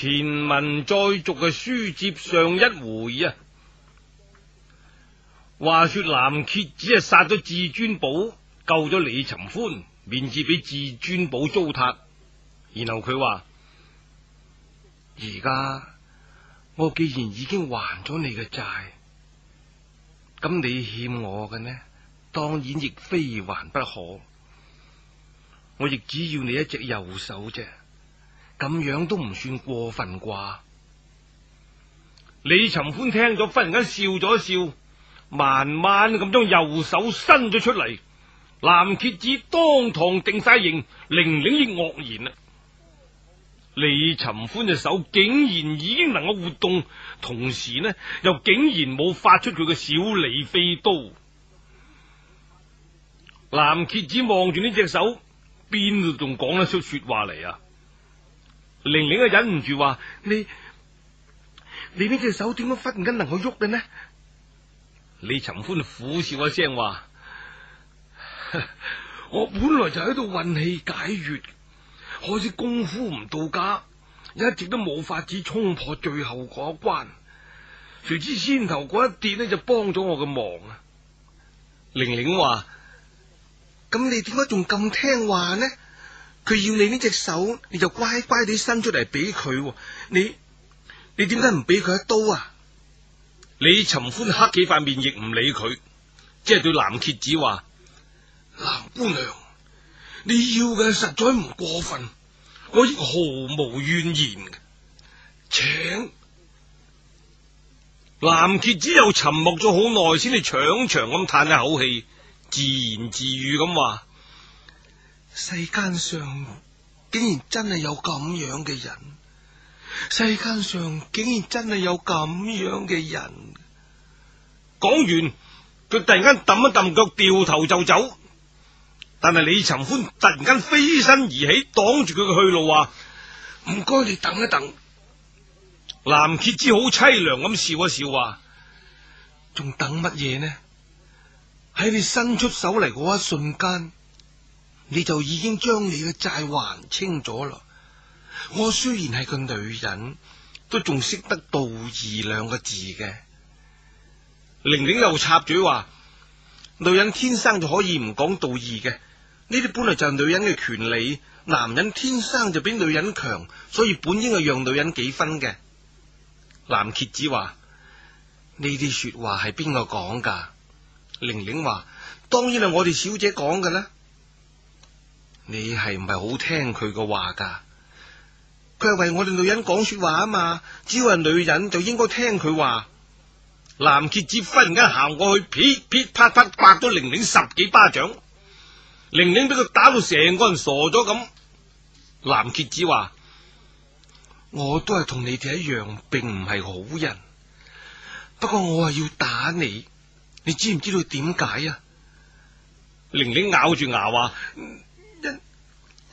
前文再續嘅書接上一回啊，話說藍蠍子啊殺咗至尊寶，救咗李尋歡，免至俾至尊寶糟蹋，然後佢話：而家我既然已經還咗你嘅債，咁你欠我嘅呢？當然亦非還不可，我亦只要你一隻右手啫。咁樣都唔算過分啩？李尋歡聽咗忽然間笑咗一笑，慢慢咁將右手伸咗出嚟。藍蠍子當堂定晒形，玲玲亦愕然啦。李尋歡隻手竟然已經能夠活動，同時呢又竟然冇發出佢嘅小李飛刀。藍蝎子望住呢隻手，邊度仲講得出說話嚟啊？玲玲啊，忍唔住話：你你呢隻手點解忽然間能夠喐嘅呢？李尋歡苦笑一聲話： 我本來就喺度運氣解穴，可惜功夫唔到家，一直都冇法子衝破最後嗰關。誰知先頭嗰一跌呢，就幫咗我嘅忙啊！玲玲話：咁你點解仲咁聽話呢？佢要你呢隻手，你就乖乖地伸出嚟俾佢。你你點解唔俾佢一刀啊？李尋歡黑起塊面，亦唔理佢，即係對藍蠍子話：藍姑娘，你要嘅實在唔過分，我亦毫無怨言。請。藍蠍子又沉默咗好耐，先至長長咁嘆一口氣，自言自語咁話。世間上竟然真係有咁樣嘅人，世間上竟然真係有咁樣嘅人。講完，佢突然間揼一揼腳，掉頭就走。但係李尋歡突然間飛身而起，擋住佢嘅去路，話唔該，你等一等。藍蠍子好淒涼咁笑一笑，話仲等乜嘢呢？喺你伸出手嚟嗰一瞬間。你就已經將你嘅債還清咗啦！我雖然係個女人，都仲識得道義兩個字嘅。玲玲又插嘴話：女人天生就可以唔講道義嘅，呢啲本來就係女人嘅權利。男人天生就比女人強，所以本應係讓女人幾分嘅。藍蠍子話：呢啲說話係邊個講噶？玲玲話：當然係我哋小姐講嘅啦。你係唔係好聽佢嘅話噶？佢係為我哋女人講說話啊嘛！只要係女人就應該聽佢話。藍蠍子忽然間行過去，噼噼啪啪打咗玲玲十幾巴掌，玲玲俾佢打到成個人傻咗咁。藍蠍子話：我都係同你哋一樣，並唔係好人。不過我係要打你，你知唔知道點解啊？玲玲咬住牙話。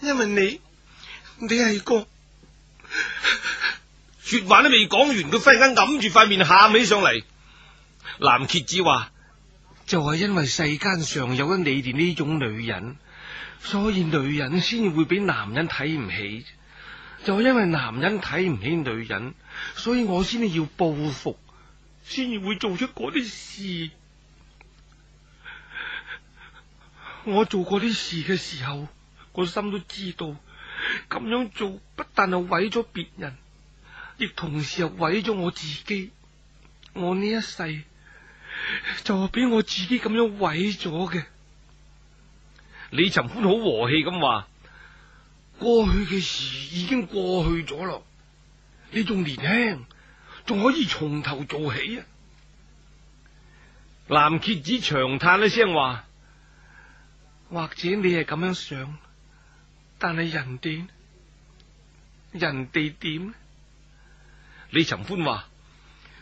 因為你，你係個 說話都未講完，佢忽然間揞住塊面喊起上嚟。藍蠍子話：就係因為世間上有咗你哋呢種女人，所以女人先至會俾男人睇唔起。就係因為男人睇唔起女人，所以我先至要報復，先至會做出嗰啲事。我做過嗰啲事嘅時候。我心都知道，咁樣做不但係毀咗別人，亦同時係毀咗我自己。我呢一世就係俾我自己咁樣毀咗嘅。李尋歡好和氣咁話：過去嘅事已經過去咗咯，你仲年輕，仲可以從頭做起啊！藍蠍子長嘆一聲話：或者你係咁樣想？但係人哋，人哋點呢？李尋歡話：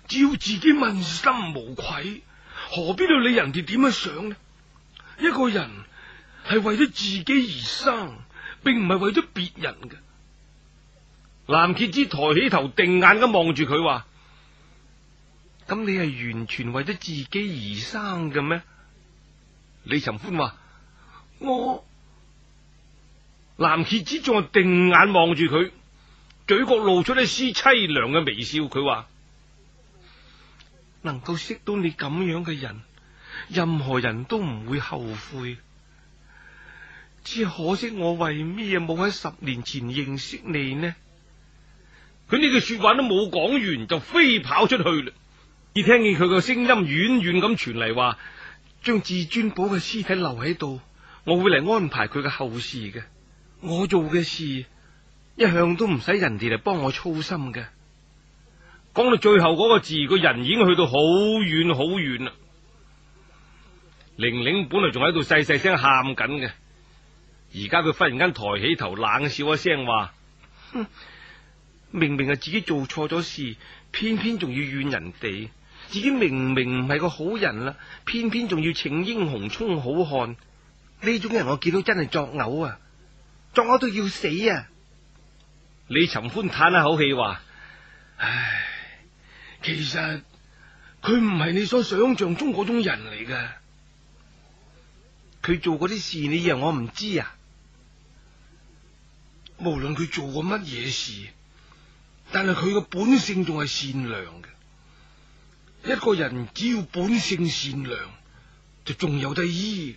只要自己問心無愧，何必去理人哋點樣想呢？一個人係為咗自己而生，並唔係為咗別人嘅。藍蠍子抬起頭，定眼咁望住佢話：咁你係完全為咗自己而生嘅咩？李尋歡話：我。藍蠍子仲定眼望住佢，嘴角露出一絲淒涼嘅微笑。佢話：能夠識到你咁樣嘅人，任何人都唔會後悔。只可惜，我為咩冇喺十年前認識你呢？佢呢句說話都冇講完，就飛跑出去啦。只聽見佢個聲音遠遠咁傳嚟，話：將至尊寶嘅屍體留喺度，我會嚟安排佢嘅後事嘅。我做嘅事一向都唔使人哋嚟幫我操心嘅。講到最後嗰個字，個人已經去到好遠好遠啦。玲玲本嚟仲喺度細細聲喊緊嘅，而家佢忽然間抬起頭，冷笑一聲，話：哼，明明係自己做錯咗事，偏偏仲要怨人哋。自己明明唔係個好人啦，偏偏仲要請英雄充好漢。呢種人我見到真係作嘔啊！我都要死啊！李尋歡嘆一口氣話：唉，其實佢唔係你所想象中嗰種人嚟嘅。佢做嗰啲事，你以為我唔知啊？無論佢做過乜嘢事，但係佢嘅本性仲係善良嘅。一個人只要本性善良，就仲有得醫。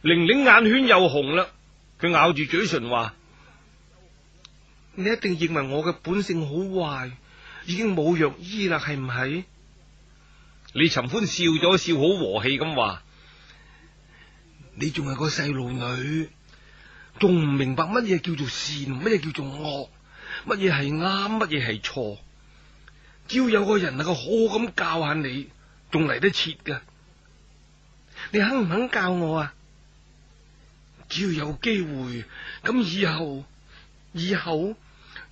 玲玲眼圈又紅啦。佢咬住嘴唇話：你一定認為我嘅本性好壞，已經冇藥醫啦，係唔係？李尋歡笑咗笑，好和氣咁話：你仲係個細路女，仲唔明白乜嘢叫做善，乜嘢叫做惡，乜嘢係啱，乜嘢係錯，只要有個人能夠好好咁教下你，仲嚟得切噶。你肯唔肯教我啊？只要有機會，咁以後以後？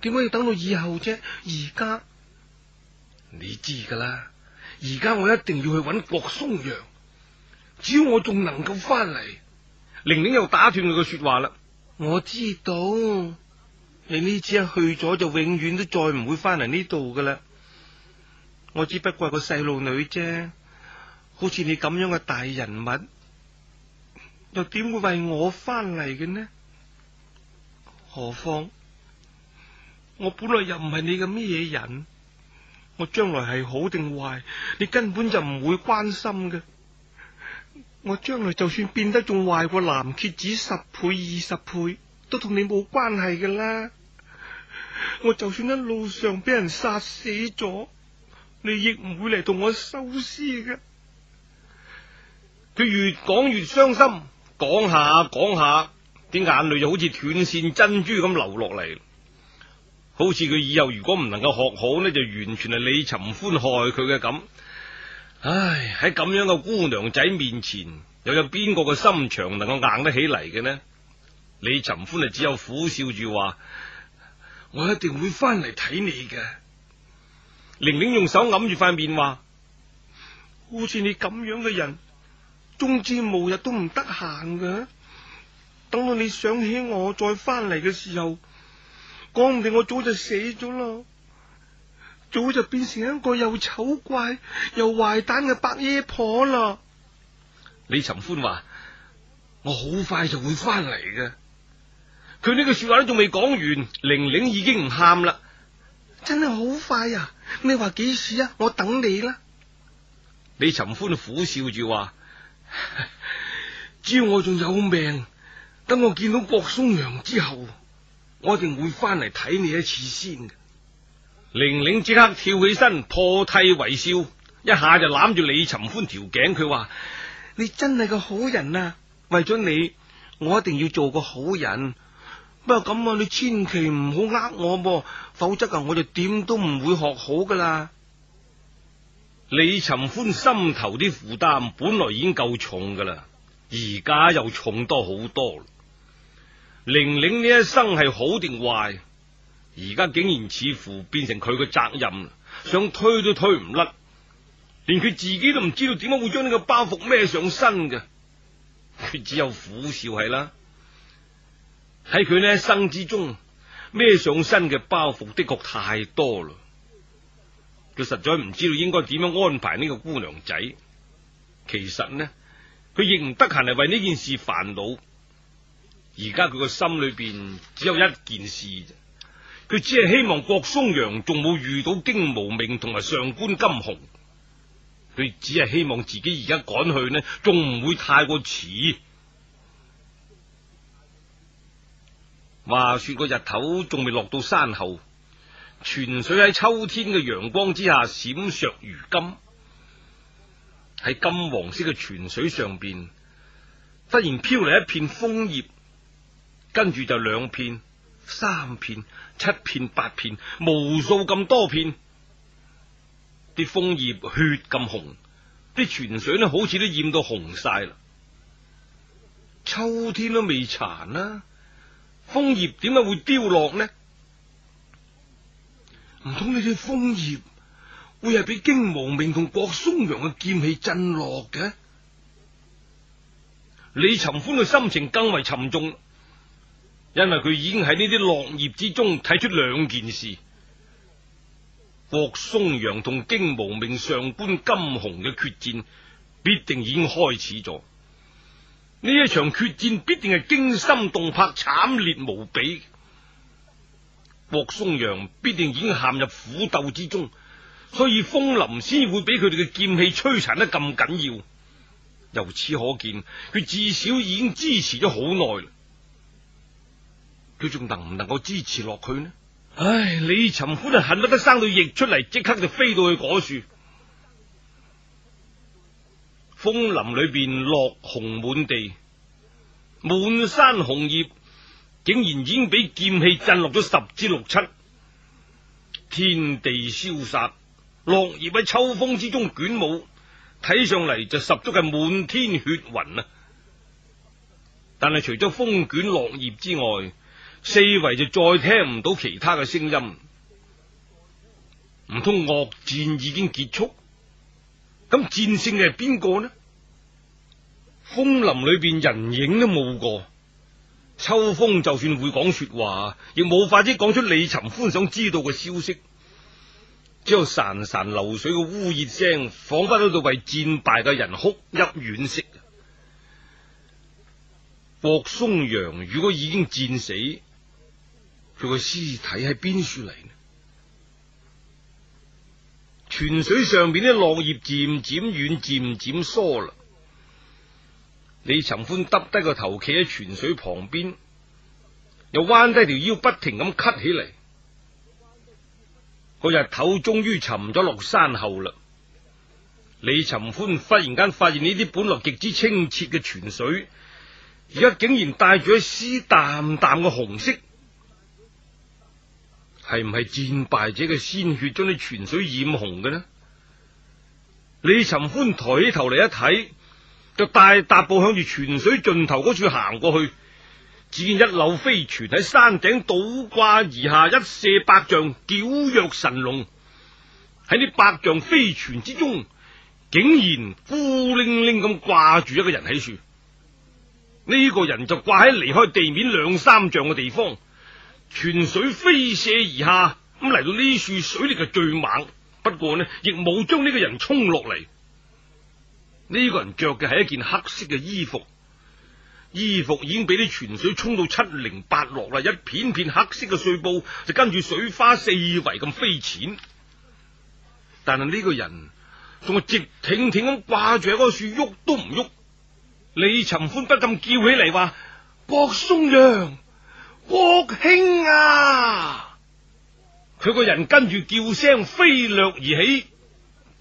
點解要等到以後啫？而家你知噶啦，而家我一定要去揾郭松陽。只要我仲能夠翻嚟玲玲又打斷佢嘅說話啦。我知道你呢次一、啊、去咗就永遠都再唔會翻嚟呢度噶啦。我只不過係個細路女啫，好似你咁樣嘅大人物。又點會為我翻嚟嘅呢？何況我本來又唔係你嘅咩嘢人，我將來係好定壞，你根本就唔會關心嘅。我將來就算變得仲壞過藍蠍子十倍二十倍，都同你冇關係㗎啦。我就算喺路上俾人殺死咗，你亦唔會嚟同我收屍嘅。佢越講越傷心。講下講下，啲眼淚就好似斷線珍珠咁流落嚟，好似佢以後如果唔能夠學好呢，就完全係李尋歡害佢嘅咁。唉，喺咁樣嘅姑娘仔面前，又有邊個嘅心腸能夠硬得起嚟嘅呢？李尋歡啊，只有苦笑住話：我一定會翻嚟睇你嘅。玲玲用手揞住塊面，話：好似你咁樣嘅人。總之無日都唔得閒嘅，等到你想起我再翻嚟嘅時候，講唔定我早就死咗啦，早就變成一個又醜怪又壞蛋嘅伯爺婆啦。李尋歡話：我好快就會翻嚟嘅。佢呢句說話都仲未講完，玲玲已經唔喊啦。真係好快啊！你話幾時啊？我等你啦。李尋歡苦笑住話。 只要我仲有命，等我見到郭松陽之後，我一定會翻嚟睇你一次先。玲玲即刻跳起身，破涕為笑，一下就攬住李尋歡條頸，佢話： 你真係個好人啊！為咗你，我一定要做個好人。不過咁啊，你千祈唔好呃我噃，否則啊，我就點都唔會學好噶啦。李尋歡心頭啲負擔本來已經夠重噶啦，而家又重多好多。玲玲呢一生係好定壞，而家竟然似乎變成佢嘅責任，想推都推唔甩，連佢自己都唔知道點解會將呢個包袱孭上身嘅，佢只有苦笑係啦。喺佢呢一生之中，孭上身嘅包袱的確太多啦。佢實在唔知道應該點樣安排呢個姑娘仔。其實呢，佢亦唔得閒係為呢件事煩惱。而家佢個心裏邊只有一件事，佢只係希望郭嵩陽仲冇遇到荊無命同埋上官金虹。佢只係希望自己而家趕去呢，仲唔會太過遲。話說個日頭仲未落到山後。泉水喺秋天嘅陽光之下閃爍如金，喺金黃色嘅泉水上邊，忽然飄嚟一片楓葉，跟住就兩片、三片、七片、八片，無數咁多片，啲楓葉血咁紅，啲泉水咧好似都染到紅晒啦。秋天都未殘啦，楓葉點解會凋落呢？唔通呢啲楓葉會係俾荊無命同郭嵩陽嘅劍氣震落嘅？李尋歡嘅心情更為沉重，因為佢已經喺呢啲落葉之中睇出兩件事：郭嵩陽同荊無命上官金鴻嘅決戰必定已經開始咗，呢一場決戰必定係驚心動魄、慘烈無比。郭嵩陽必定已經陷入苦鬥之中，所以楓林先會俾佢哋嘅劍氣摧殘得咁緊要。由此可見，佢至少已經支持咗好耐啦。佢仲能唔能夠支持落去呢？唉，李尋歡就恨不得生到翼出嚟，即刻就飛到去嗰樹。楓林裏邊落紅滿地，滿山紅葉。竟然已經俾劍氣震落咗十之六七，天地消殺，落葉喺秋風之中捲舞，睇上嚟，就十足係滿天血雲啊！但係除咗風捲落葉之外，四圍就再聽唔到其他嘅聲音，唔通惡戰已經結束？咁戰勝嘅係邊個呢？楓林裏邊人影都冇個。秋風就算會講說話，亦冇法子講出李尋歡想知道嘅消息。只有潺潺流水嘅嗚咽聲，仿佛喺度為戰敗嘅人哭泣惋惜。郭松陽如果已經戰死，佢個屍體喺邊處嚟呢？泉水上面啲落葉漸漸軟，漸漸疏啦。李尋歡耷低個頭，企喺泉水旁邊，又彎低條腰，不停咁咳起嚟。嗰日頭終於沉咗落山後啦。李尋歡忽然間發現呢啲本來極之清澈嘅泉水，而家竟然帶住一絲淡淡嘅紅色，係唔係戰敗者嘅鮮血將啲泉水染紅嘅呢？李尋歡抬起頭嚟一睇，就大踏步向住泉水盡頭處行過去，只見一溜飛泉喺山頂倒掛而下，一瀉百丈，矯若神龍。喺呢百丈飛泉之中，竟然孤零零咁掛住一個人喺處。呢、這個人就掛喺離開地面兩三丈嘅地方，泉水飛瀉而下，咁嚟到呢處水力就最猛，不過呢亦冇將呢個人沖落嚟。呢個人着嘅係一件黑色嘅衣服，衣服已經俾啲泉水沖到七零八落啦，一片片黑色嘅碎布就跟住水花四圍咁飛濺。但係呢個人仲係直挺挺咁掛住喺嗰樹，喐都唔喐。李尋歡不禁叫起嚟話：郭松陽，郭兄啊！佢個人跟住叫聲飛掠而起。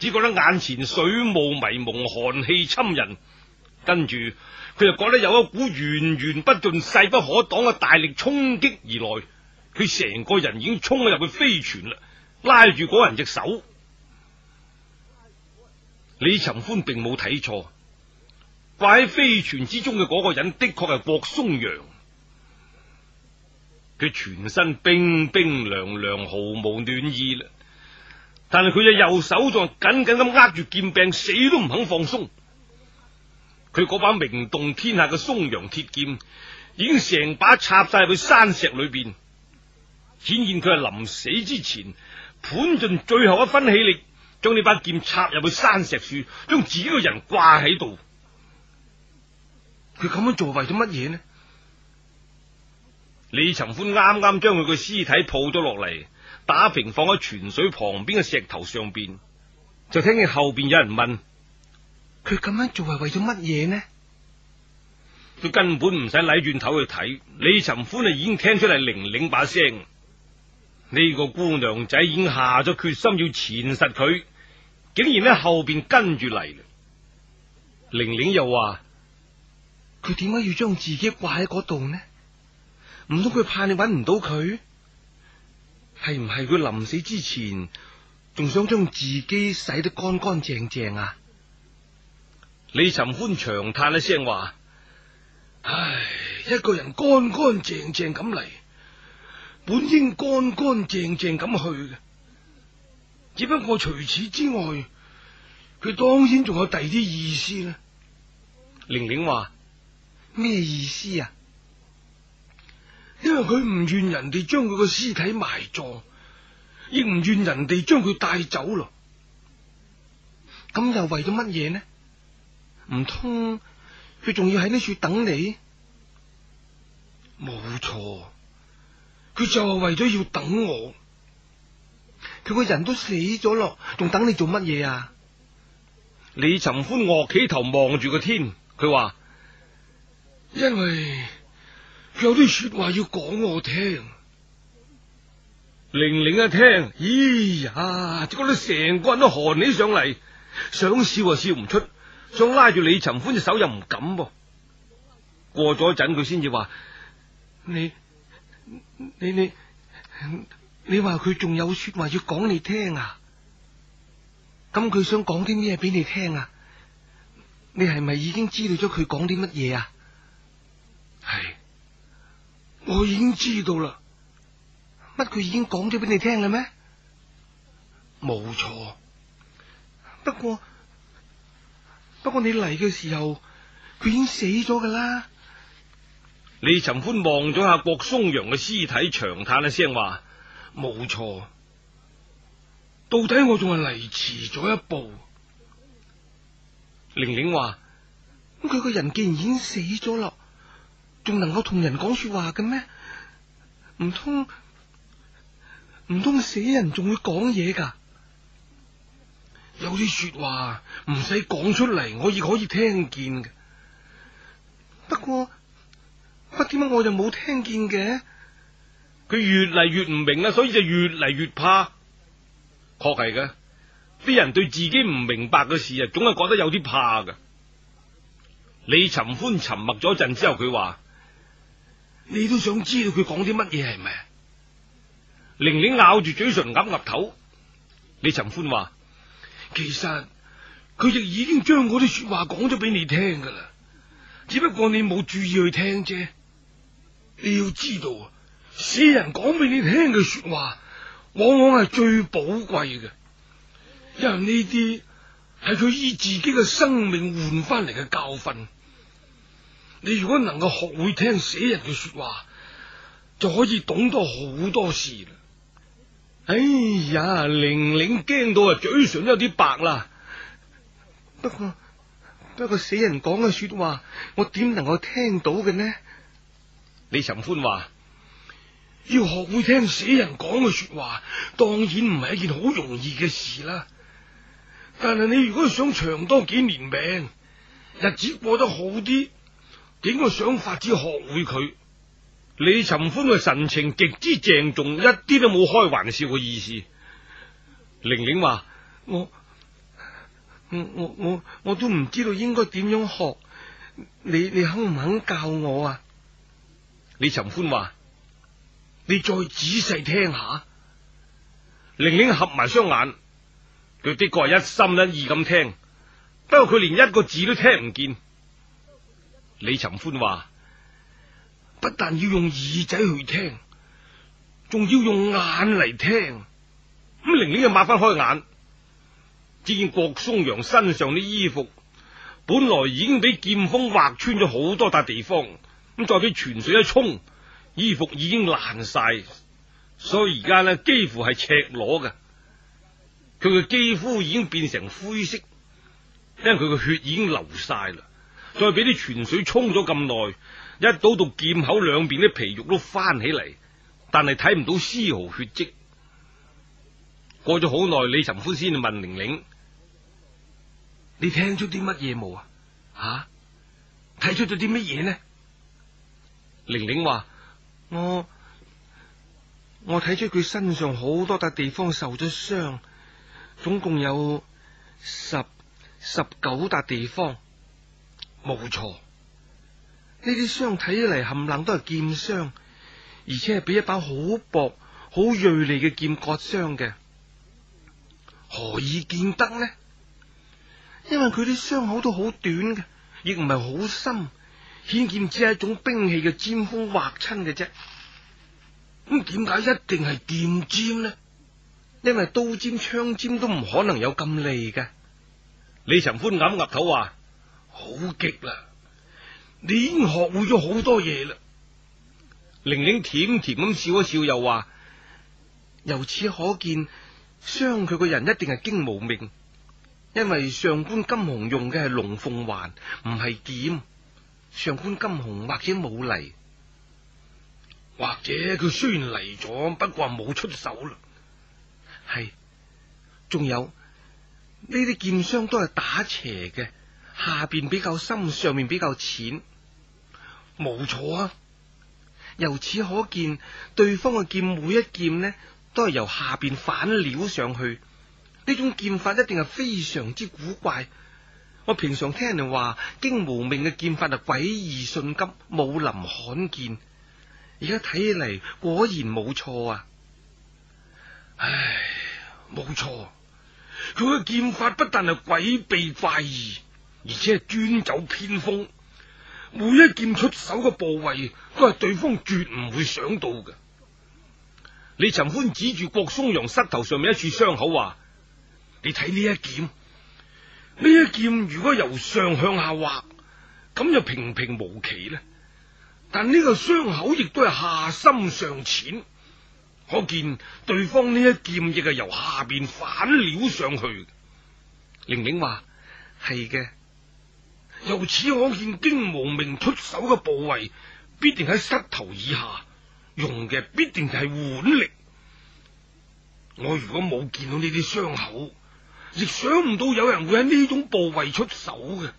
只覺得眼前水霧迷蒙，寒氣侵人。跟住佢就覺得有一股源源不盡、勢不可擋嘅大力衝擊而來，佢成個人已經衝咗入去飛船啦，拉住嗰人隻手。李尋歡並冇睇錯，掛喺飛船之中嘅嗰個人的確係郭松陽，佢全身冰冰涼涼，毫無暖意啦。但係佢嘅右手仲緊緊咁握住劍柄，死都唔肯放鬆。佢嗰把名動天下嘅嵩陽鐵劍已經成把插晒入去山石裏邊，顯然佢係臨死之前，盤盡最後一分氣力，將呢把劍插入去山石樹，將自己個人掛喺度。佢咁樣做為咗乜嘢呢？李尋歡啱啱將佢嘅屍體抱咗落嚟。打平放喺泉水旁邊嘅石頭上邊，就聽見後邊有人問：佢咁樣做係為咗乜嘢呢？佢根本唔使擰轉頭去睇，李尋歡已經聽出嚟玲玲把聲。呢個姑娘仔已經下咗決心要纏實佢，竟然喺後邊跟住嚟。玲玲又話：佢點解要將自己掛喺嗰度呢？唔通佢怕你揾唔到佢？係唔係佢臨死之前仲想將自己洗得乾乾淨淨啊？李尋歡長嘆一聲話：唉，一個人乾乾淨淨咁嚟，本應乾乾淨淨咁去嘅，只不過除此之外，佢當然仲有第二啲意思啦。玲玲話：咩意思啊？因為佢唔願人哋將佢個屍體埋葬，亦唔願人哋將佢帶走咯。咁又為咗乜嘢呢？唔通佢仲要喺呢處等你？冇錯，佢就係為咗要等我。佢個人都死咗咯，仲等你做乜嘢啊？李尋歡昂企頭望住個天，佢話：因為。佢有啲說話要講我聽。玲玲一聽，咦、哎、呀，就覺得成個人都寒起上嚟，想笑又笑唔出，想拉住李尋歡隻手又唔敢噃、啊。過咗一陣，佢先至話：你你你你話佢仲有說話要講你聽啊？咁佢想講啲咩俾你聽啊？你係咪已經知道咗佢講啲乜嘢啊？係。我已經知道啦，乜佢已經講咗俾你聽啦咩？冇錯，不過不過你嚟嘅時候佢已經死咗噶啦。李尋歡望咗下郭嵩陽嘅屍體，長嘆一聲話：冇錯，到底我仲係嚟遲咗一步。玲玲話：咁佢個人既然已經死咗啦。仲能夠同人講說話嘅咩？唔通唔通死人仲會講嘢噶？有啲說話唔使講出嚟，我亦可以聽見嘅。不過不點解我就冇聽見嘅？佢越嚟越唔明啊，所以就越嚟越怕。確係噶，啲人對自己唔明白嘅事啊，總係覺得有啲怕噶。李尋歡沉默咗一陣之後，佢話。你都想知道佢講啲乜嘢係咪？玲玲咬住嘴唇，岌岌頭。李尋歡話：其實佢亦已經將嗰啲說話講咗俾你聽噶啦，只不過你冇注意去聽啫。你要知道，啊，死人講俾你聽嘅說話，往往係最寶貴嘅，因為呢啲係佢以自己嘅生命換返嚟嘅教訓。你如果能夠學會聽死人嘅說話，就可以懂多好多事啦。哎呀，玲玲驚到，啊，嘴唇都有啲白啦。不過，不過死人講嘅說話，我點能夠聽到嘅呢？李尋歡話：要學會聽死人講嘅說話，當然唔係一件好容易嘅事啦。但係你如果想長多幾年命，日子過得好啲。整個想法子學會佢，李尋歡嘅神情極之鄭重，一啲都冇開玩笑嘅意思。玲玲話：我我我我我都唔知道應該點樣學，你你肯唔肯教我啊？李尋歡話：你再仔細聽下。玲玲合埋雙眼，佢的確係一心一意咁聽，不過佢連一個字都聽唔見。李尋歡話：不但要用耳仔去聽，仲要用眼嚟聽。咁玲玲就擘翻開眼，只見郭松陽身上啲衣服本來已經俾劍鋒劃穿咗好多笪地方，咁再俾泉水一沖，衣服已經爛晒，所以而家咧幾乎係赤裸嘅。佢嘅肌膚已經變成灰色，因為佢嘅血已經流晒啦。再俾啲泉水沖咗咁耐，一刀到劍口兩邊啲皮肉都翻起嚟，但係睇唔到絲毫血跡。過咗好耐，李尋歡先問玲玲：你聽出啲乜嘢冇啊？吓，睇出咗啲乜嘢呢？玲玲話：我我睇出佢身上好多笪地方受咗傷，總共有十十九笪地方。冇錯，呢啲傷睇起嚟冚唥都係劍傷，而且係俾一把好薄、好銳利嘅劍割傷嘅，何以見得呢？因為佢啲傷口都好短嘅，亦唔係好深，顯見只係一種兵器嘅尖鋒劃親嘅啫。咁點解一定係劍尖呢？因為刀尖、槍尖都唔可能有咁利嘅。李尋歡咁岌頭話。好極啦！你已經學會咗好多嘢啦。玲玲甜甜咁笑一笑，又話：由此可見，傷佢個人一定係荊無命，因為上官金虹用嘅係龍鳳環，唔係劍。上官金虹或者冇嚟，或者佢雖然嚟咗，不過冇出手啦。係，仲有呢啲劍傷都係打斜嘅。下邊比較深，上面比較淺，冇錯啊！由此可見，對方嘅劍每一劍呢，都係由下邊反撩上去。呢種劍法一定係非常之古怪。我平常聽人話，荊無命嘅劍法啊，詭異迅急，武林罕見。而家睇起嚟，果然冇錯啊！唉，冇錯，佢嘅劍法不但係詭秘快意。而且係專走偏鋒，每一劍出手嘅部位都係對方絕唔會想到嘅。李尋歡指住郭松陽膝頭上面一處傷口話：你睇呢一劍，呢一劍如果由上向下劃，咁就平平無奇咧。但呢個傷口亦都係下深上淺，可見對方呢一劍亦係由下邊反撩上去。玲玲話：係嘅。由此可見，荊無命出手嘅部位必定喺膝頭以下，用嘅必定係腕力。我如果冇見到呢啲傷口，亦想唔到有人會喺呢種部位出手嘅。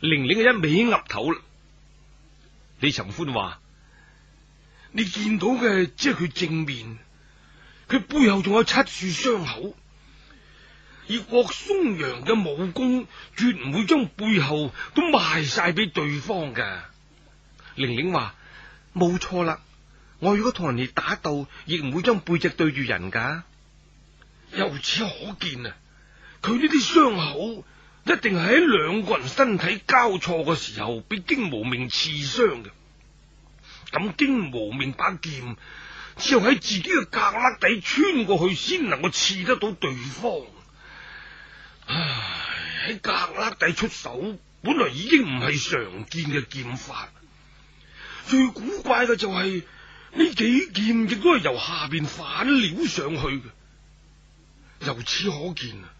玲玲嘅一味岌頭啦。李尋歡話：你見到嘅只係佢正面，佢背後仲有七處傷口。以郭松陽嘅武功，絕唔會將背後都埋晒俾對方嘅。玲玲話：冇錯啦，我如果同人哋打鬥，亦唔會將背脊對住人噶。由此可見啊，佢呢啲傷口一定係喺兩個人身體交錯嘅時候，俾荊無名刺傷嘅。咁荊無名把劍，只有喺自己嘅格肋底穿過去，先能夠刺得到對方。喺格旯底出手，本來已經唔係常見嘅劍法。最古怪嘅就係、是、呢幾劍，亦都係由下邊反撩上去嘅。由此可見，啊，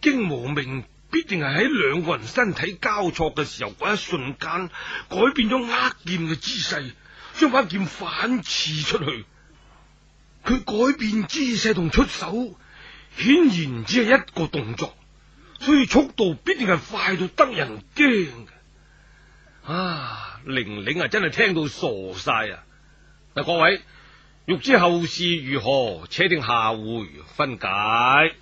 荊無命必定係喺兩個人身體交錯嘅時候，一瞬間改變咗握劍嘅姿勢，將把劍反刺出去。佢改變姿勢同出手，顯然只係一個動作。所以速度必定係快到得人驚啊，玲玲啊，真係聽到傻晒啊！嗱，各位，欲知後事如何，且聽下回分解。